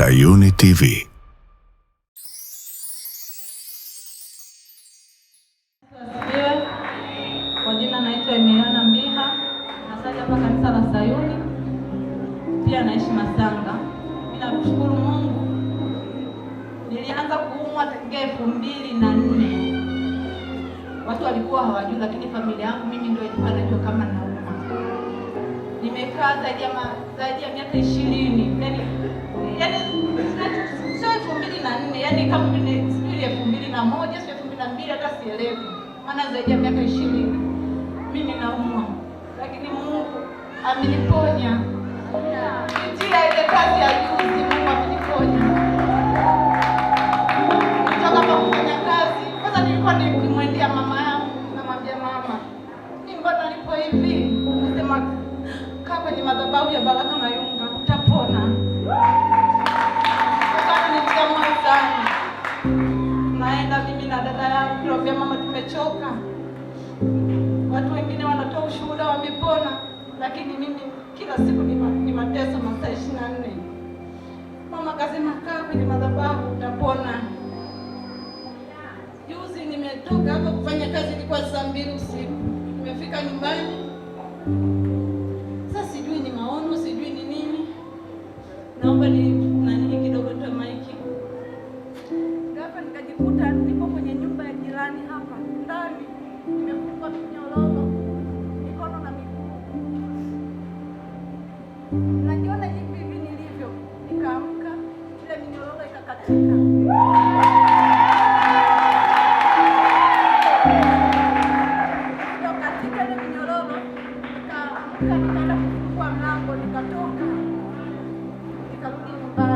Sayuni TV. Kwa jina naitwa Emiliana Mbiha, nasaja hapa kanisa la Sayuni, pia naishi Masanga. Ninamshukuru Mungu, nilianza kuumwa tangia elfu mbili na nne. Watu walikuwa hawajui, lakini familia yangu mimi ndio ilikuwa najua kama nauma. Nimekaa zaidi ya miaka ishirini yaani yani sio elfu mbili na nne yani kama sijui elfu mbili na moja sio elfu mbili na mbili hata sielewi, maana zaidi ya miaka ishirini mi ninaumwa, lakini Mungu ameniponya kupitia ile kazi ya juzi. Mungu ameniponya kutoka kwa kufanya kazi. Kwanza nilikuwa nikimwendea mama yangu, namwambia mama, ni mbona nipo hivi, nasema kaa kwenye madhabahu ya baraka na Watu wengine wanatoa ushuhuda wamepona, lakini mimi kila siku ni mateso masaa ishirini na nne. Mama kasema kaa kwenye madhabahu utapona. Juzi nimetoka hapo kufanya kazi, ilikuwa saa mbili usiku, nimefika nyumbani. Sasa sijui ni maono, sijui ni nini, naomba ni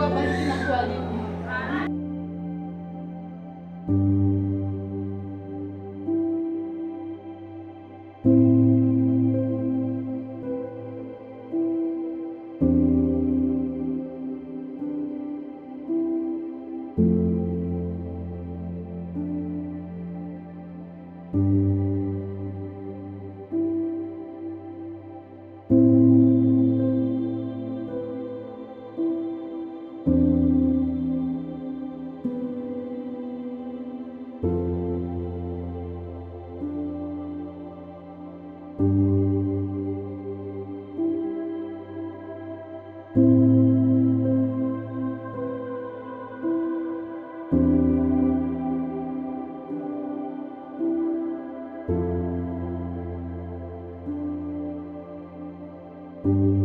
coba balikin aku adiknya thank you